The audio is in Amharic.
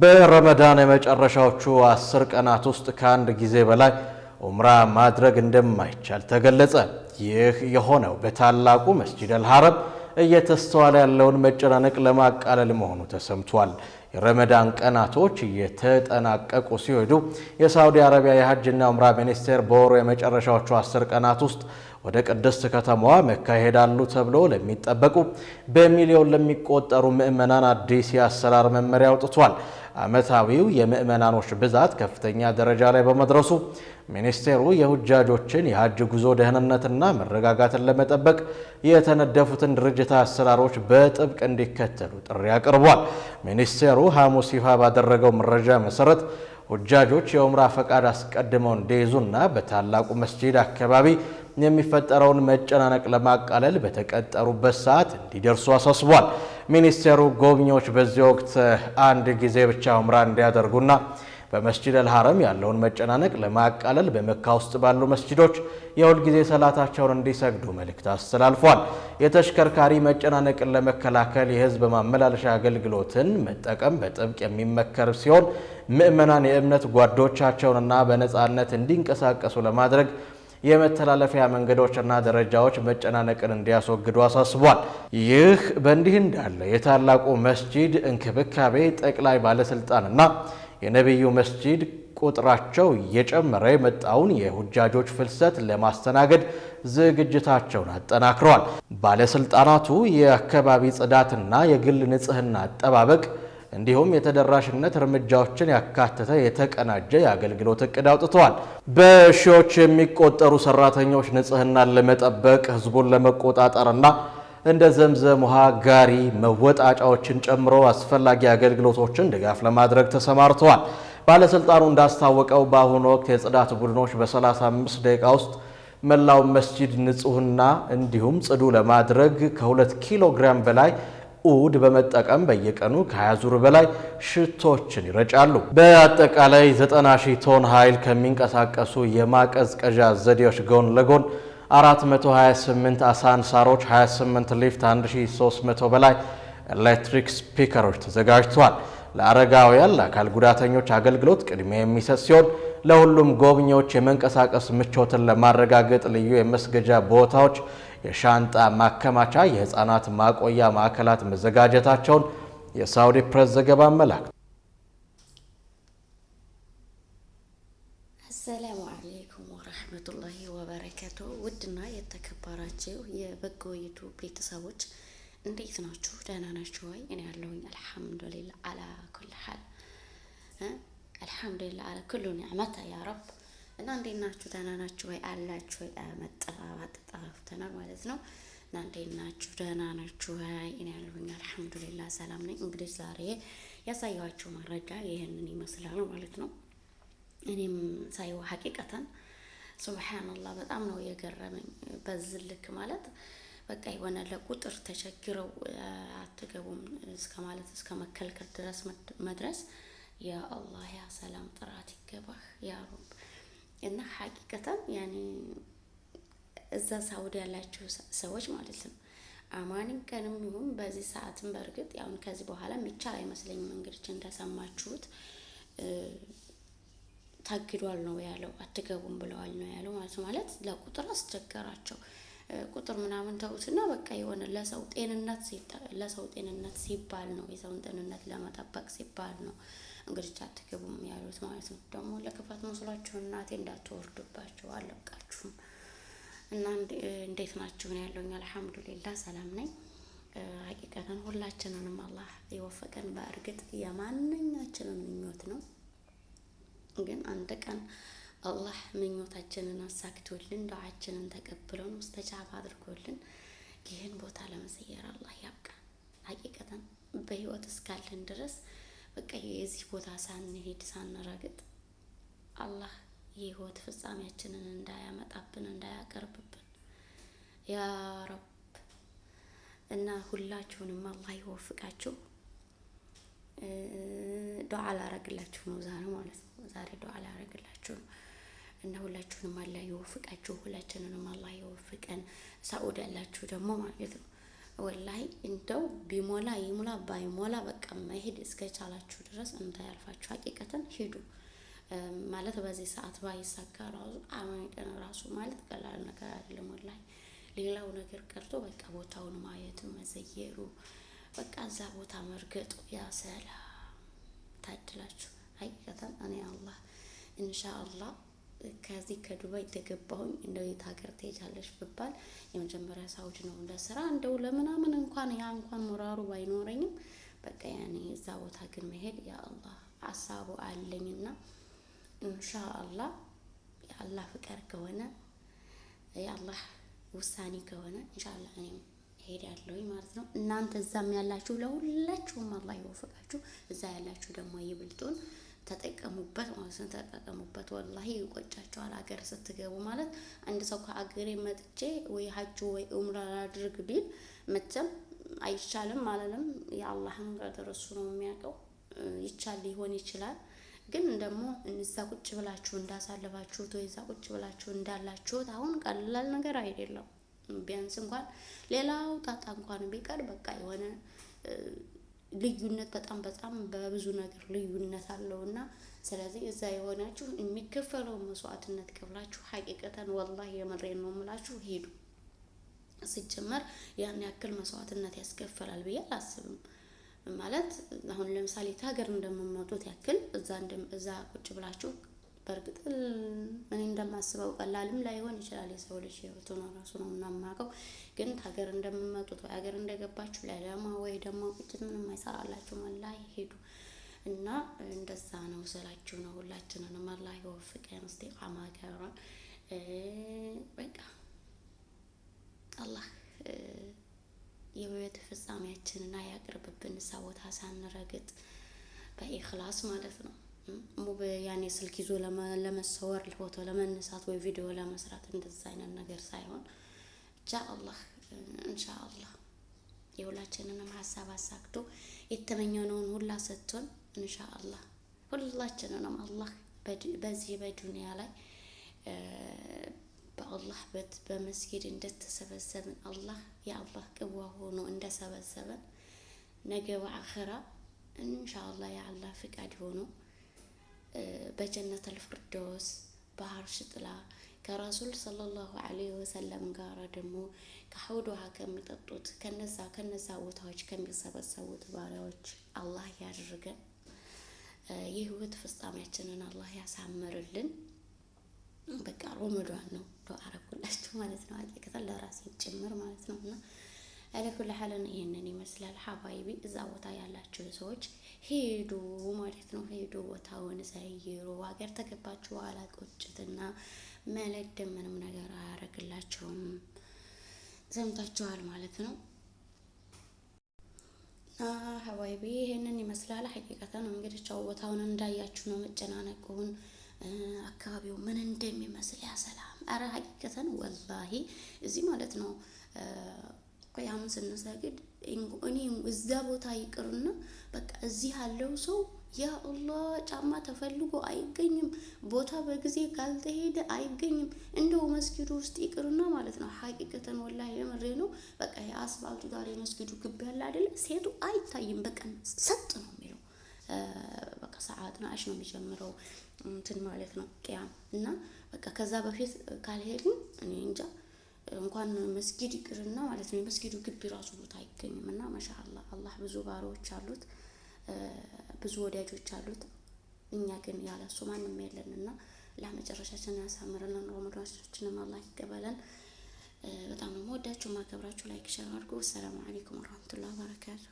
በረመዳን የመጨረሻዎቹ አስር ቀናት ውስጥ ከአንድ ጊዜ በላይ ዑምራ ማድረግ እንደማይቻል ተገለጸ። ይህ የሆነው በታላቁ መስጂድ አልሐረም እየተስተዋለ ያለውን መጨናነቅ ለማቃለል መሆኑ ተሰምቷል። የረመዳን ቀናቶች እየተጠናቀቁ ሲሄዱ የሳውዲ አረቢያ የሐጅና ዑምራ ሚኒስቴር በወሩ የመጨረሻዎቹ አስር ቀናት ውስጥ ወደ ቅድስት ከተማዋ መካ ይሄዳሉ ተብሎ ለሚጠበቁ በሚሊዮን ለሚቆጠሩ ምዕመናን አዲስ የአሰራር መመሪያ አውጥቷል። ዓመታዊው የምዕመናኖች ብዛት ከፍተኛ ደረጃ ላይ በመድረሱ ሚኒስቴሩ የሁጃጆችን የሀጅ ጉዞ ደህንነትና መረጋጋትን ለመጠበቅ የተነደፉትን ድርጅታዊ አሰራሮች በጥብቅ እንዲከተሉ ጥሪ አቅርቧል። ሚኒስቴሩ ሐሙስ ይፋ ባደረገው መረጃ መሰረት ሁጃጆች የኡምራ ፈቃድ አስቀድመው እንዲይዙና በታላቁ መስጂድ አካባቢ የሚፈጠረውን መጨናነቅ ለማቃለል በተቀጠሩበት ሰዓት እንዲደርሱ አሳስቧል። ሚኒስቴሩ ጎብኚዎች በዚህ ወቅት አንድ ጊዜ ብቻ ዑምራ እንዲያደርጉና በመስጂድ አልሐረም ያለውን መጨናነቅ ለማቃለል በመካ ውስጥ ባሉ መስጂዶች የሁልጊዜ ሰላታቸውን እንዲሰግዱ መልእክት አስተላልፏል። የተሽከርካሪ መጨናነቅን ለመከላከል የህዝብ ማመላለሻ አገልግሎትን መጠቀም በጥብቅ የሚመከር ሲሆን ምዕመናን የእምነት ጓዶቻቸውንና በነፃነት እንዲንቀሳቀሱ ለማድረግ የመተላለፊያ መንገዶችና ደረጃዎች መጨናነቅን እንዲያስወግዱ አሳስቧል። ይህ በእንዲህ እንዳለ የታላቁ መስጂድ እንክብካቤ ጠቅላይ ባለስልጣንና የነቢዩ መስጂድ ቁጥራቸው እየጨመረ የመጣውን የሁጃጆች ፍልሰት ለማስተናገድ ዝግጅታቸውን አጠናክረዋል። ባለስልጣናቱ የአካባቢ ጽዳትና የግል ንጽህና አጠባበቅ እንዲሁም የተደራሽነት እርምጃዎችን ያካተተ የተቀናጀ የአገልግሎት እቅድ አውጥተዋል። በሺዎች የሚቆጠሩ ሰራተኞች ንጽህናን ለመጠበቅ ህዝቡን ለመቆጣጠርና እንደ ዘምዘም ውሃ፣ ጋሪ፣ መወጣጫዎችን ጨምሮ አስፈላጊ አገልግሎቶችን ድጋፍ ለማድረግ ተሰማርተዋል። ባለስልጣኑ እንዳስታወቀው በአሁኑ ወቅት የጽዳት ቡድኖች በ35 ደቂቃ ውስጥ መላው መስጂድ ንጹህና እንዲሁም ጽዱ ለማድረግ ከ2 ኪሎ ግራም በላይ ኡድ በመጠቀም በየቀኑ ከ20 ዙር በላይ ሽቶችን ይረጫሉ። በአጠቃላይ 90 ሺህ ቶን ኃይል ከሚንቀሳቀሱ የማቀዝቀዣ ዘዴዎች ጎን ለጎን 428 አሳንሳሮች፣ 28 ሊፍት፣ 1300 በላይ ኤሌክትሪክ ስፒከሮች ተዘጋጅተዋል። ለአረጋውያን፣ ለአካል ጉዳተኞች አገልግሎት ቅድሚያ የሚሰጥ ሲሆን ለሁሉም ጎብኚዎች የመንቀሳቀስ ምቾትን ለማረጋገጥ ልዩ የመስገጃ ቦታዎች፣ የሻንጣ ማከማቻ፣ የህፃናት ማቆያ ማዕከላት መዘጋጀታቸውን የሳውዲ ፕሬስ ዘገባ አመላክቷል። አሰላሙ አለይኩም ወረህመቱላሂ ወበረከቱ። ውድና የተከበራችሁ የበጎ ቤተሰቦች እንዴት ናችሁ? ደህና ናችሁ ወይ? እኔ ያለሁኝ አልሐምዱሊላ አላ ኩል ሀል አልሐምዱሊላህ አለ ኩሉ ኒዕመታ ያ ረብ እና እንዴ ናችሁ? ደህና ናችሁ ወይ አላችሁ ወይ? መጠፋፋት ተጠፋፍተናል ማለት ነው። እና እንዴ ናችሁ? ደህና ናችሁ ወይ? እኔ ያለሁኝ አልሐምዱሊላህ ሰላም ነኝ። እንግዲህ ዛሬ ያሳየኋችሁ መረጃ ይህንን ይመስላል ማለት ነው። እኔም ሳየው ሀቂቀተን ሱብሓነላህ በጣም ነው የገረመኝ። በዚህ ልክ ማለት በቃ የሆነ ለቁጥር ተቸግረው አትገቡም እስከ ማለት እስከ መከልከል ድረስ መድረስ ያ አላህ ያ ሰላም ጥራት ይገባህ ያ ረብ እና ሐቂቀተን ያኔ እዛ ሳውዲ ያላችሁ ሰዎች ማለት ነው አማኒን ቀንም ይሁን በዚህ ሰዓትም በእርግጥ ያሁን ከዚህ በኋላ የሚቻል አይመስለኝም። እንግዲህ እንደሰማችሁት ታግዷል ነው ያለው፣ አትገቡም ብለዋል ነው ያለው ማለት ማለት ለቁጥር አስቸገራቸው። ቁጥር ምናምን ተውትና በቃ የሆነ ለሰው ጤንነት ለሰው ጤንነት ሲባል ነው የሰውን ጤንነት ለመጠበቅ ሲባል ነው እንግዲህ አትገቡም ያሉት ማለት ነው። ደግሞ ለክፋት መስሏችሁ እናቴ እንዳትወርዱባችሁ አልለቃችሁም። እና እንዴት ናችሁ? ነው ያለውኝ። አልሐምዱሊላ ሰላም ነኝ። ሀቂቀተን ሁላችንንም አላህ የወፈቀን በእርግጥ የማንኛችንን ምኞት ነው። ግን አንድ ቀን አላህ ምኞታችንን አሳክቶልን ዱዓችንን ተቀብሎን ሙስተጃብ አድርጎልን ይህን ቦታ ለመሰየር አላህ ያብቃን። ሀቂቀተን በህይወት እስካለን ድረስ በቃ የዚህ ቦታ ሳንሄድ ሳንረግጥ አላህ የህይወት ፍጻሜያችንን እንዳያመጣብን እንዳያቀርብብን ያ ረብ እና ሁላችሁንም አላህ ይወፍቃችሁ። ዱዓ ላረግላችሁ ነው ዛሬ ማለት ነው። ዛሬ ዱዓ ላረግላችሁ ነው እና ሁላችሁንም አላህ ይወፍቃችሁ። ሁላችንንም አላህ ይወፍቀን። ሳኡድ ያላችሁ ደግሞ ማለት ነው ወላይ እንደው ቢሞላ ይሙላ ባይሞላ በቃ መሄድ እስከቻላችሁ ድረስ እንዳያልፋችሁ ሀቂቀትን ሂዱ ማለት በዚህ ሰዓት ባይሳካ ራሱ አመንቀን ራሱ ማለት ቀላል ነገር አይደለም። ወላይ ሌላው ነገር ቀርቶ በቃ ቦታውን ማየቱ መዘየሩ፣ በቃ እዛ ቦታ መርገጡ ያ ታድላችሁ። ሀቂቀትን እኔ አላህ ኢንሻአላህ ከዚህ ከዱባይ ተገባሁኝ እንደው የት ሀገር ትሄጃለሽ ብባል የመጀመሪያ ሳውዲ ነው ለስራ እንደው ለምናምን እንኳን ያ እንኳን ሞራሩ ባይኖረኝም በቃ ያኔ እዛ ቦታ ግን መሄድ ያአላህ ሀሳቡ አለኝና ኢንሻአላህ የአላህ ፍቃድ ከሆነ የአላህ ውሳኔ ከሆነ ኢንሻአላህ እኔም ሄዳለሁኝ ማለት ነው። እናንተ እዛም ያላችሁ ለሁላችሁም አላህ ይወፍቃችሁ። እዛ ያላችሁ ደግሞ ይብልጡን። ተጠቀሙበት ማለት ነው። ተጠቀሙበት ወላሂ ይቆጫቸዋል። ሀገር ስትገቡ ማለት አንድ ሰው ከአገሬ መጥቼ ወይ ሀጅ ወይ ኡምራ አድርግ ቢል መቼም አይቻልም አለንም። የአላህን ቀደር እሱ ነው የሚያውቀው። ይቻል ሊሆን ይችላል ግን ደግሞ እዛ ቁጭ ብላችሁ እንዳሳለፋችሁት ወይ እዛ ቁጭ ብላችሁ እንዳላችሁት አሁን ቀላል ነገር አይደለም። ቢያንስ እንኳን ሌላው ጣጣ እንኳን ቢቀር በቃ የሆነ ልዩነት በጣም በጣም በብዙ ነገር ልዩነት አለው እና ስለዚህ እዛ የሆናችሁ የሚከፈለው መስዋዕትነት ከፍላችሁ ሀቂቀተን ወላሂ የመሬን ነው የምላችሁ ሄዱ። ሲጀመር ያን ያክል መስዋዕትነት ያስከፈላል ብዬ አላስብም። ማለት አሁን ለምሳሌ ከሀገር እንደምመጡት ያክል እዛ ቁጭ ብላችሁ በእርግጥ እኔ እንደማስበው ቀላልም ላይሆን ይችላል። የሰው ልጅ ህይወቱ ነው ራሱ ነው እናማቀው። ግን ሀገር እንደምመጡት ወይ ሀገር እንደገባችሁ ለለማ ወይ ደግሞ ቁጭት ምንም አይሰራላችሁም። አላህ ሄዱ እና እንደዛ ነው ስላችሁ ነው። ሁላችንንም አላህ ይወፍቀን። እስቲ ቃማ ገራ በቃ አላህ የህይወት ፍጻሜያችንን አያቅርብብን። ሰው ቦታ ሳንረግጥ በኢክላስ ማለት ነው። ሙብ ያኔ ስልክ ይዞ ለመሰወር ፎቶ ለመነሳት ወይ ቪዲዮ ለመስራት እንደዛ አይነት ነገር ሳይሆን ኢንሻአላህ ኢንሻአላህ እንሻ የሁላችንንም ሀሳብ አሳክቶ የተመኘነውን ሁላ ሰጥቶን ኢንሻአላህ ሁላችንንም አላህ በዚህ በዱንያ ላይ በአላህ በት በመስጊድ እንደተሰበሰብን አላህ የአላህ ቅዋ ሆኖ እንደሰበሰበን ነገ በአኸራ እንሻ አላህ የአላህ ፍቃድ ሆኖ በጀነተል ፍርዶስ በአርሽ ጥላ ከራሱል ሰለላሁ ዐለይሂ ወሰለም ጋር ደግሞ ውሃ ከሚጠጡት ከነዛ ከነዛ ቦታዎች ከሚሰበሰቡት ባሪያዎች አላህ ያድርገን። የህይወት ፍጻሜያችንን አላህ ያሳምርልን። በቃ ሮመዷን ነው ዶ አረኩላችሁ ማለት ነው። አቂቀተን ለራሴ ጭምር ማለት ነው እና ሐለን ይሄንን ይመስላል ሀባይቢ። እዛ ቦታ ያላችሁ ሰዎች ሄዱ ማለት ነው። ሄዱ ቦታውን ዘይሩ። ሀገር ተገባችሁ በኋላ ቁጭትና ምንም ነገር አያደርግላችሁም። ዘምታችኋል ማለት ነው። ሀባይቢ ይሄንን ይመስላል ሀቂቀተን። እንግዲህ ቻው ቦታውን እንዳያችሁ ነው መጨናነቁን አካባቢው ምን እንደሚመስል ያሰላም። አረ ሀቂቀተን ወላሂ እዚህ ማለት ነው አሁን ስንሰግድ እኔ እዛ ቦታ ይቅርና በቃ እዚህ ያለው ሰው ያ አላህ ጫማ ተፈልጎ አይገኝም። ቦታ በጊዜ ካልተሄደ አይገኝም። እንደው መስጊዱ ውስጥ ይቅርና ማለት ነው። ሀቂቅተን ወላ የምሬ ነው። በቃ የአስፋልቱ ጋር የመስጊዱ ግቢ ያለ አይደለ ሴቱ አይታይም። በቃ ሰጥ ነው የሚለው በቃ ሰዓት ናሽ ነው የሚጀምረው እንትን ማለት ነው ቅያም እና በቃ ከዛ በፊት ካልሄድም እኔ እንጃ እንኳን መስጊድ ይቅርና ማለት ነው የመስጊዱ ግቢ ራሱ ቦታ አይገኝም። እና ማሻአላ አላህ ብዙ ባሮዎች አሉት፣ ብዙ ወዳጆች አሉት። እኛ ግን ያለ እሱ ማንም የለን እና ለመጨረሻችን ያሳምረናል። ረመዳናችንም አላህ ይቀበለን። በጣም ነው መወዳችሁ ማከብራችሁ። ላይክ ሸር አድርጉ። ሰላም አለይኩም ወራህመቱላሂ ወበረካቱ